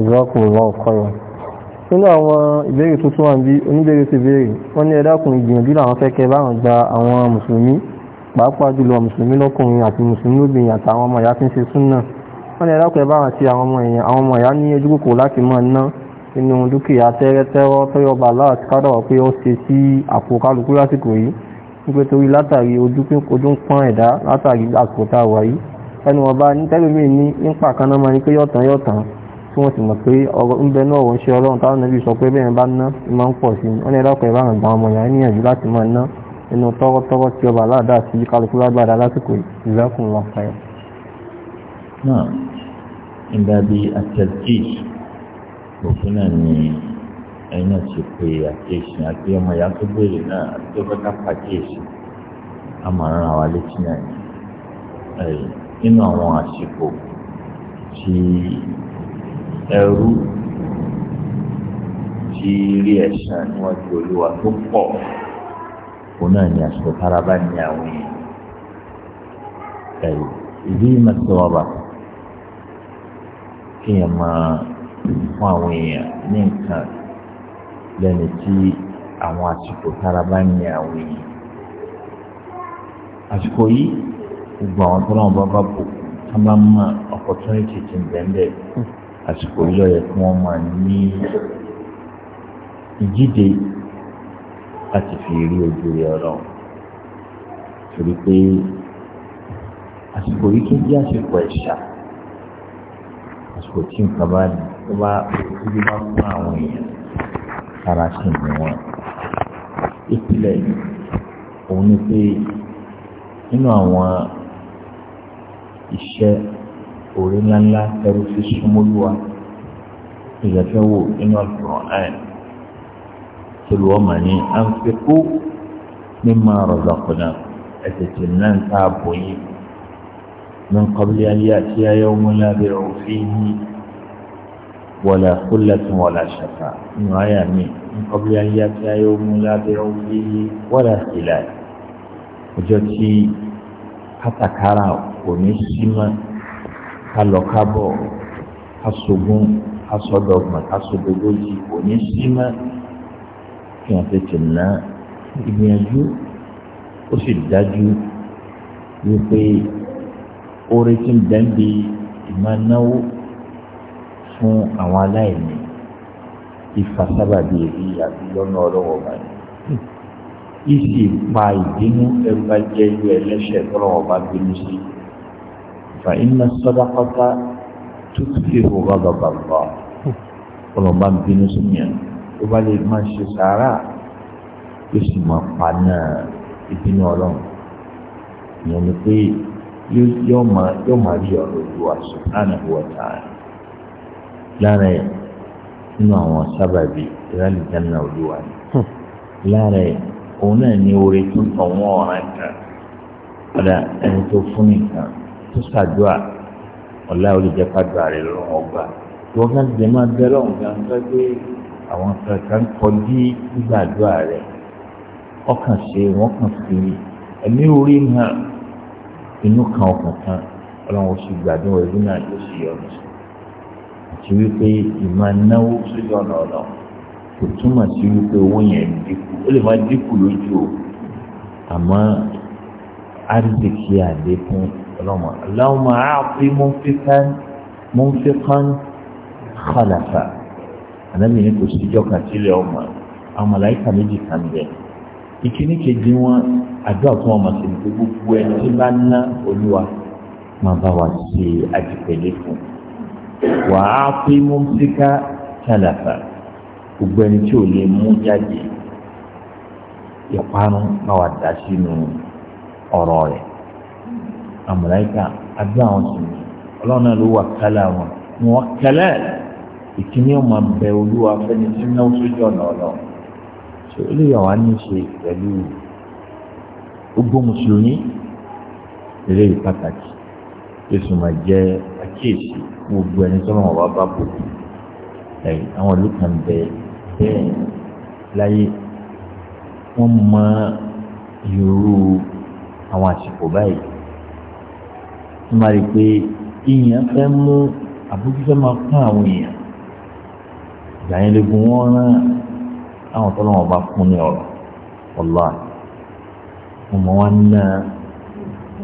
ìzọ́kùnlọ́ kọ́yọ̀ nínú àwọn ìbéèrè tó tún wà bí oníbéèrè sí béèrè wọ́n ní ẹ̀dàkùn ìgbìyànjú làwọn fẹ́kẹ́ báwọn gba àwọn mùsùlùmí pàápàá jùlọ mùsùlùmí lọ́kùnrin àti mùsùlùmí lóbìnrin àtàwọn ọmọ ìyá tí ń ṣe súnà wọ́n ní ẹ̀dàkùn ẹ̀bá àti àwọn ọmọ èèyàn àwọn ọmọ ìyá ní ojú kòkò láti máa ná nínú dúkìá tẹ́rẹ́tẹ́rọ́ tọ́yọba láti kádọ̀wọ́ pé ó ṣe sí àpò kálukú lásìkò yìí wípé torí látàrí ojú ń pọ́n ẹ̀dá tí wọ́n ti mọ̀ pé ọ̀rọ̀ ń bẹ náà wọ́n ṣe ọlọ́run táwọn nàbí sọ pé bẹ́ẹ̀ bá ná máa ń pọ̀ sí i wọ́n ní ẹlọ́pàá ìbá àwọn ọmọ ìyá níyànjú láti máa ná inú tọ́rọ́tọ́rọ́ tí ọba aláàdá sí kálukú lágbàdá lásìkò ìzákùn lọ fẹ́. náà nígbà bí àtẹ̀jí òfin náà ni ẹ̀yin náà ti pe àkíyèsí àti ọmọ ìyá tó béèrè náà tó fẹ́ ká pàkíyèsí a máa létí náà nínú àwọn àsìkò tí ẹrú tí rí ẹ̀san níwájú olúwa tó pọ̀ òun náà ni àsìkò faraba ní àwọn èèyàn ẹ̀rù ìdí ìmọ̀tòwọ́bà kéèyàn máa fún àwọn èèyàn ní nǹkan lẹ́nu tí àwọn àsìkò faraba ní àwọn èèyàn àsìkò yìí gbogbo àwọn tó náà bá bá bò ká bá mọ opportunity ti ń bẹ́ẹ̀ bẹ́ẹ̀. Hmm àsìkò yìí lọ́yẹ̀ kí wọ́n máa ní ìjíde láti fi rí ojú rẹ̀ ọ̀rọ̀ torí pé àsìkò yìí tún jẹ́ àsìkò ẹ̀ṣà àsìkò tí nǹkan bá ní tó bá ojú bá fún àwọn èèyàn sára sí ni wọn ìpìlẹ̀ òun ni pé nínú àwọn iṣẹ́ orí ńláńlá ẹrú fi súnmọ́lúwa ìyàfẹ́ wò nínú Al-Qur'an tolu ọmọ ní anfiqu mimma razaqnakum ẹsẹ̀ tí náà ń ta àbò yìí min qabli an ya'tiya yawmun la bay'un fihi wala khullatun wala shafa'a nínú àyà mi min qabli an ya'tiya yawmun la bay'un fihi wala khilal ọjọ́ tí kátàkárà kò ní sí kálọ̀kábọ̀ aṣogun aṣọdọ̀gbọ̀n aṣọdọ̀gbọ̀jì òní símá kí wọ́n tètè ná ìgbìyànjú ó sì dájú wípé oore tí ń dẹ́nbi ìmánáwó fún àwọn aláìní ìfasábàbí èyí àti lọ́nà ọlọ́wọ́ báyìí ìsì pa ìdínú ẹgbàá jẹ́ ilé ẹlẹ́ṣẹ̀ tọ́lọ́wọ́ bá bínú sí i. فإن الصدقة تكثر غضب الله ولمن في نسمية وبالي ما الشسارة يسمى قناة ابن ولم يلقي يوم يوم هذه الرجوع سبحانه وتعالى لا لا إن هو سبب ذلك الرجوع لا لا هنا نوريتم طوارك ولا أنتم فنكم tó ṣàdúrà ọ̀la olùjẹ́pàdúrà rẹ̀ lọ́wọ́ ọgbà wọ́n kàn jẹ́ máa bẹ́rẹ̀ ọ̀hún gbàǹgbà pé àwọn kankan kọjú gbígbàdúrà rẹ̀ ọkàn ṣe wọ́n kàn fi ẹ̀mí orí hàn inú kan ọkàn kan ọlọ́run sì gbàdúrà ẹ̀rí náà yóò sì yọ̀nù sí àti wípé ìmọ̀ náwó sójú ọ̀nà ọ̀nà kò túmọ̀ sí wípé owó yẹn dínkù ó lè má dínkù lójú o àmọ́ àrídìkì àlékún ọlọ́mọ ọlọ́mọ àápí mọ́nfíkan kọlàfà ànábì ní kò síjọ́ kan sílẹ̀ ọmọ àwọn màláíkà méjì kan bẹ̀ ìkíní kejì wọn àdúrà fún ọmọ sí ní gbogbo ẹni tí bá ná olúwa máa bá wa ṣe àdìpẹ̀lẹ́ fún wàá pín mọ́nfíkà kọlàfà gbogbo ẹni tí ò lè mú jáde ìparun máa wà dá sínú ọ̀rọ̀ rẹ̀ àmàlàíkà àbí àwọn sùnmí ọlọ́run náà ló wà kálá wọn wọn kẹlẹ́ ìkíní ọmọ abẹ olúwa fẹni tí náà sójú ọ̀nà ọ̀nà ṣe eléyà wà ní ṣe pẹ̀lú gbogbo mùsùlùmí eré pàtàkì èsùn máa jẹ àkíyèsí gbogbo ẹni tó máa wà bá bò ẹ àwọn ìlú kan bẹ bẹ́ẹ̀ láyé wọn mọ irú àwọn àsìkò báyìí wọ́n máa rí pé ìyẹn fẹ́ mú àbójútó máa fún àwọn èèyàn ìgbà yẹn lè gun wọn rán àwọn tó lọ́wọ́ bá fún ní ọ̀rọ̀ ọ̀la ọmọ wa ná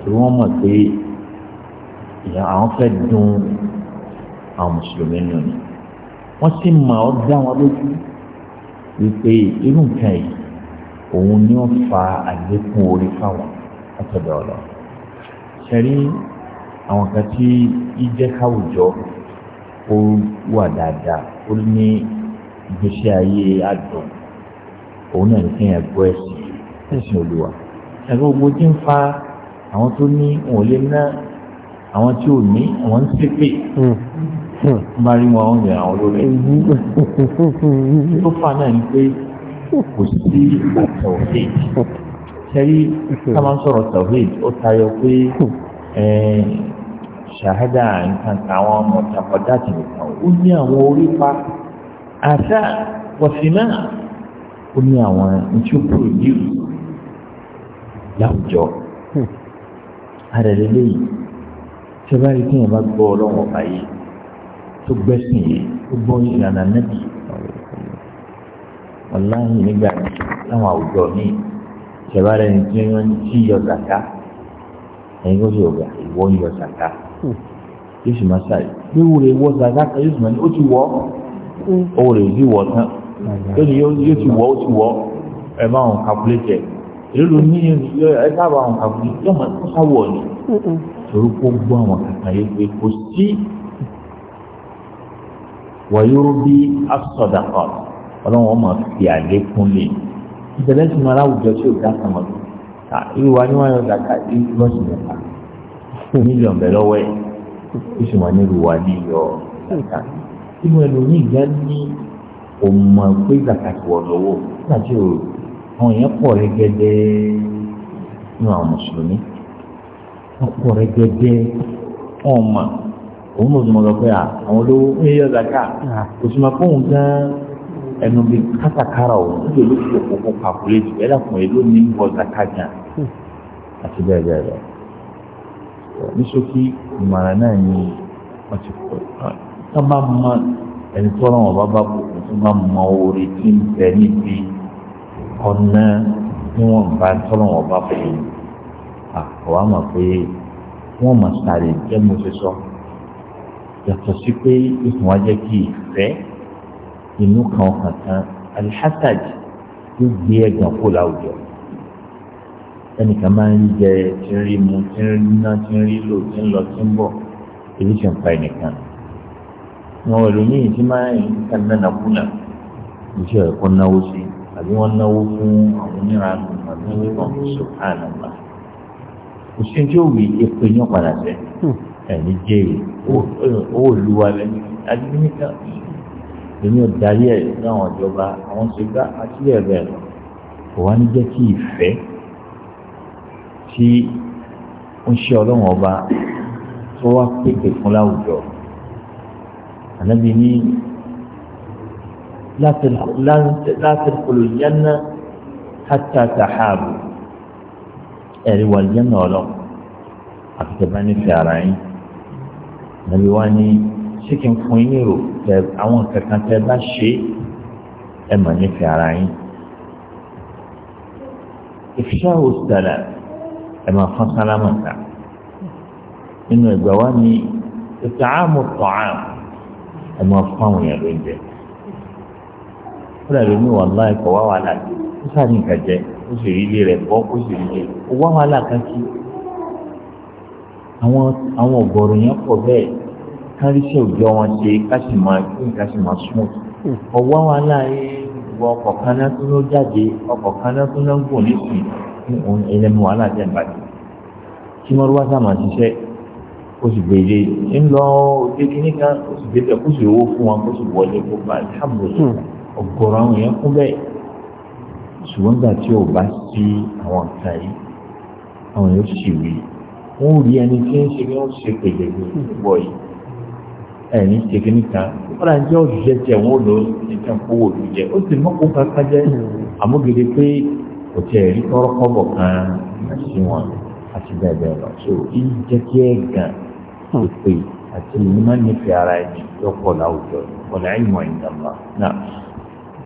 tí wọ́n mọ̀ pé ìyá àwọn fẹ́ dùn àwọn mùsùlùmí nù ni wọ́n sì mọ̀ ọ́ dá wọn lójú wípé irú nǹkan yìí òun ni ó fa àlékún orí fáwọn látọ̀dọ̀ ọ̀la ṣẹ́rí àwọn kan tí ìjẹ́ káwùjọ ó wà dáadáa ó ní ìgbésí ayé àdùn òun náà nìkan yẹn gbọ́ ẹ̀sìn ẹ̀sìn olúwa ẹ̀gbọ́n gbogbo tí ń fa àwọn tó ní wọn ò lè ná àwọn tí ò ní àwọn ń ṣépè hmm. Hmm. bá rí wọn àwọn ìrìn àwọn olórí tó fà náà ni pé kò sí tawhid sẹ́rí ká máa ń sọ̀rọ̀ tawhid ó tayọ pé ṣàhádà eh, nǹkan àwọn mọ̀tàkọ̀dáàtì nìkan ó ní àwọn orípa àṣà wọ̀sìnà ó ní àwọn ìtúkù ìdíwù láwùjọ àrẹ̀lẹ́lẹ́ yìí tí a bá rí kí èèyàn bá gbọ́ ọlọ́wọ́ báyìí tó gbẹ́sìn yìí tó gbọ́ ìlànà nẹ́bí ọ̀láyìn nígbà táwọn àwùjọ ní ìṣẹ̀bá rẹ̀ ní tí wọ́n ń tí yọ ẹ̀yin ó sì ọ̀gá ìwọ ń yọ sàká hmm. yóò sì máa ṣàì wíwú rẹ̀ wọ sàká kan yóò sì máa ní ó ti wọ́ hmm. ó rẹ̀ sí wọ́ tán yóò ti wọ́ ó ti wọ́ ẹ bá wọn calculate ẹ̀ èló ló ní ẹ sábà wọn calculate yóò máa kó sáwọ̀ ni hmm. torí kó gbọ́ àwọn kankan yìí pé kò sí wàyóró bí asọ̀dàkọ̀ ọlọ́run ọmọ fi àlékún lè ìṣẹ̀lẹ̀ tí mo aláwùjọ tí ò dá sàmọ̀tò Ah, irú ni wọ́n yọ zaka yìí lọ́sùn mẹ́ta fún mílíọ̀nù bẹ́ẹ̀ lọ́wọ́ ẹ̀ oṣù wọn ní irú wa yọ zaka irú ẹlòmíì gan ní òmò pé zaka ti wọ̀ lọ́wọ́ nígbà tí àwọn èèyàn pọ̀ rẹ́gẹ́dẹ́ nínú àwọn mùsùlùmí wọ́n pọ̀ rẹ́gẹ́dẹ́ ọmọ òun ló ti mọ̀ lọ pé àwọn olówó ń yọ zaka òṣùmọ̀ fóun gan ẹnu bíi kátàkárà ò níbi olóṣèlú kókó kàkúlẹ́tì ẹlẹ́kùn èlò ní ọjà kájà hmm. àti bẹ́ẹ̀ bẹ́ẹ̀ lọ. níṣókí ìmọ̀ràn náà ni wọ́n ti kọ́ ká bá mọ ẹni tó ràn wọ́n bá bá kú tó bá mọ orí tí ń bẹ níbi ọ̀nà tí wọ́n bá tó ràn wọ́n bá kú àwa mọ̀ pé wọ́n mọ̀ sáré jẹ́ mo ṣe sọ yàtọ̀ sí pé ìfún wa jẹ́ kí inú kan ọkàn kan alihasad yóò gbé ẹ̀gàn kó láwùjọ ẹnìkan máa ń jẹ tí ń rí mu tí ń rí ná tí ń rí lò tí ń lọ tí ń bọ̀ èyí tí ń pa ẹnìkan wọn ò lóyún ìdí máa ń kàn nánà kùnà iṣẹ́ ẹ̀kọ́ náwó sí àbí wọ́n náwó fún àwọn oníranú àbí wọ́n kàn sọ̀kánà gbà kò sí tí ó wí epo yín padà sẹ́ hmm. ẹ̀ ní jẹ́ owó olúwa lẹ́yìn adíníkà yìí èmi ò darí ẹ̀ láwọn ìjọba àwọn ṣe gbá àti ẹ̀rẹ̀ kò wá ní jẹ́ kí ìfẹ́ tí ó ń ṣe ọlọ́run ọba tó wá pépè fún láwùjọ ànábi ní láti kolo yánná hátà tàhàbù ẹ̀rí wà yánná ọlọ́run àti tẹ̀bá nífẹ̀ẹ́ ara yín ànábi wá ní ṣé kí n fún yín rò tẹ àwọn kankan tẹ bá ṣe ẹ mọ̀ nífẹ̀ẹ́ ara yín ìfṣà òsìtàlà ẹ máa fọ́n sálámà ta nínú ìgbà wa ni ìtààmù tọ̀ám ẹ máa fún àwọn èèyàn lóúnjẹ fúnra rẹ̀ ní wàhálà ẹ̀kọ́ wá wàhálà ó sáré nǹkan jẹ ó sì rí ilé rẹ̀ bọ́ ó sì rí ilé wá wàhálà kan kí àwọn àwọn ọ̀gọ̀rọ̀ yẹn pọ̀ bẹ́ẹ̀ káríṣẹ́ òjò wọn ṣe káṣí máa kí káṣí máa sùn. ọwọ́ wa láàyè wọ ọkọ̀ kan tó ló jáde ọkọ̀ kan tó náà ń gùn nísìn ní òun ẹlẹ́mu wàhálà tẹ̀ ń kí wọ́n wá sáà ṣiṣẹ́ kó sì gbèrè ń lọ òde kìíní kan kó sì gbèrè kó sì owó fún wọn kó sì wọlé kó bá àbùrù hmm. ọ̀gọ̀rọ̀ àwọn èèyàn kún bẹ́ẹ̀. ṣùgbọ́n gbà tí ò bá sí àwọn nǹkan yìí àwọn èèyàn sì wí wọ́n rí ẹni tí ń ṣe bí wọ́n ṣe pèlè ní ìwọ yìí ẹ̀yìn ṣèké níta kọ́lá ń jẹ́ òṣìṣẹ́ tí ẹ̀wọ̀n ò lọ níta kówó òdu jẹ ó sì mọ́ kankan jẹ́ àmúgede pé kò tiẹ̀ rí tọ́rọ́kọ́bọ̀ kan sí wọn àti bẹ́ẹ̀ bẹ́ẹ̀ lọ so yìí jẹ́ kí ẹ̀ gan ìpè àti ìmọ̀ ara ẹni yọ̀pọ̀ láwùjọ ọ̀là ìmọ̀ ìdàgbà náà.